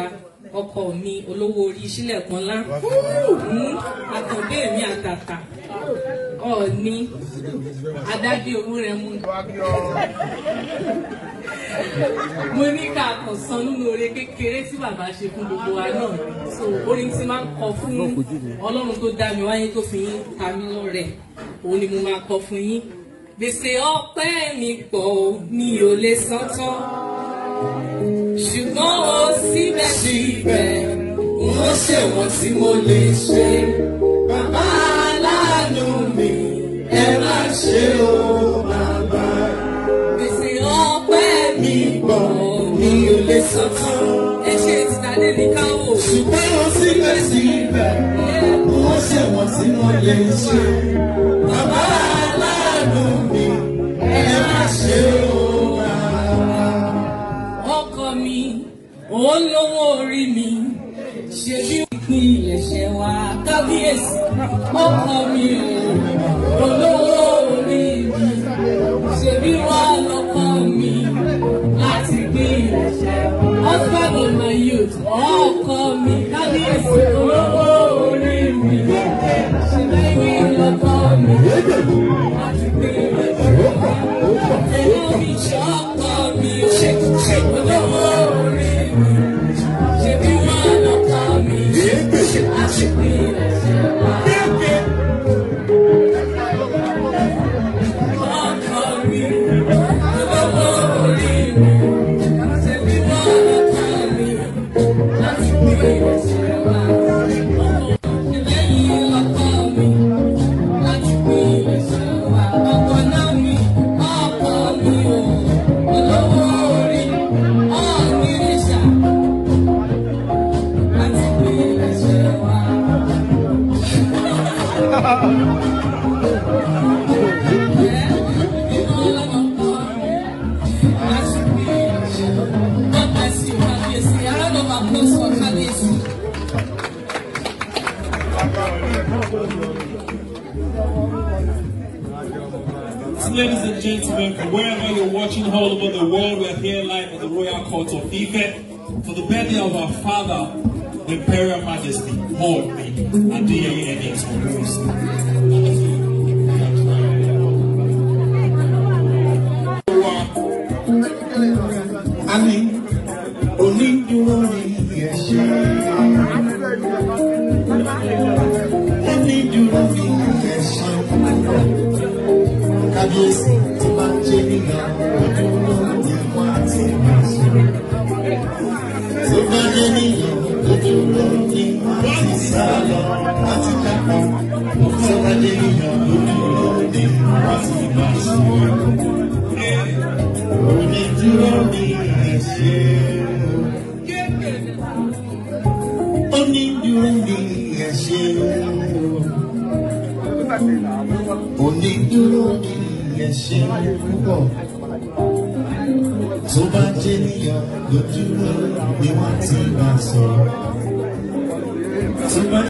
wa ọkọ mi olówó orí sílẹ̀kùn ńlá hmm, àkàndé mi àtàtà ọ̀ọ́ni adágbé owó rẹ mú mo ní ká kàn san nínú oore kékeré tí bàbá ṣe fún gbogbo wa náà so orin tí máa ń kọ fún ọlọ́run tó dá mi wáyé tó fi yín ta mí lọ́rẹ̀ òun ni mo máa kọ fún yín gbèsè ọpẹ́ mi pọ̀ mi ò lè san tán ṣùgbọ́n o síbẹ̀ wọ́n ṣèwọ̀n tí mo lè ṣe bàbá aláàánú mi ẹ má ṣe o bàbá. gbèsè ọpẹ́ mi bọ̀ mi ò lè sọ tán. ẹ ṣe ìtìtàdé ní káwọ. ṣùgbọ́n wọ́n síbẹ̀ síbẹ̀ wọ́n ṣèwọ̀n tí mo lè ṣe bàbá aláàánú mi ẹ má ṣe o bàbá. ọkọ mi ò ń lówó orí mi ṣe bí ìpín ìyẹ̀ṣẹ̀ wa kábíyèsí ọkọ mi ò olówó orí mi ṣe bí wà lọ́kọ mi láti pín ìyẹ̀ṣẹ̀ husband of my youth ọkọ mi kábíyèsí olówó orí mi ṣe bí lọ́kọ mi láti pín ìyẹ̀ṣẹ̀ ẹ̀rọ mi ṣe ọkọ mi o. worship, worship, we Ladies and gentlemen, from wherever you're watching all over the world, we're here live at the Royal Court of Ife for the birthday of our father, Imperial Majesty, hold me, and do your enemies for Christ. Ani, onídùúró ni ẹ̀ṣẹ̀. Onídùúró ni ẹ̀ṣẹ̀. Kábíyèsí. sá lọ láti dáná ó fẹ́ láyé èèyàn lórí ọ̀rọ̀dé láti má ṣe onídúró ní ẹ̀ṣẹ̀ onídúró tó bá jẹ́ níyàn lójúmọ́ ni wọ́n ti bá sọ̀rọ̀. Super.